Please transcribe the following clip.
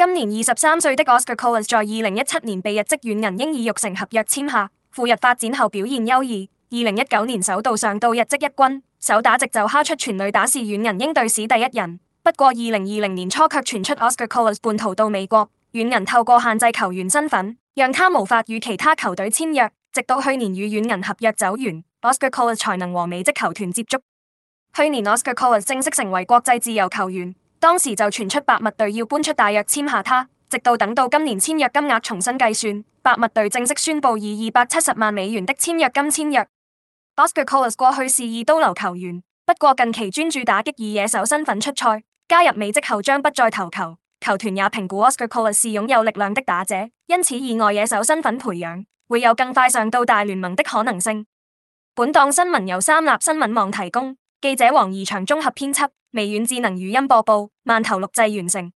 今年二十三歲的 Oscar Colas 在二零一七年被日職軟銀鷹以育成合約簽下，赴日發展後表現優異。二零一九年首度上到日職一軍，首打席就敲出全壘打，是軟銀鷹隊史第一人。不過二零二零年初卻傳出 Oscar Colas 叛逃到美國，軟銀透過限制球員身份，讓他無法與其他球隊簽約，直到去年與軟銀合約走完，Oscar Colas 才能和美職球團接觸。去年 Oscar Colas 正式成為國際自由球員。當時就傳出白襪隊要搬出大約簽下他，直到等到今年簽約金額重新計算，白襪隊正式宣布以二百七十萬美元的簽約金簽約。Oscar Colas 過去是二刀流球員，不過近期專注打擊以野手身份出賽，加入美職後將不再投球。球團也評估 Oscar Colas 是擁有力量的打者，因此以外野手身份培養會有更快上到大聯盟的可能性。本檔新聞由三立新聞網提供，記者王怡翔綜合編輯。微軟智能語音播報，慢投錄製完成。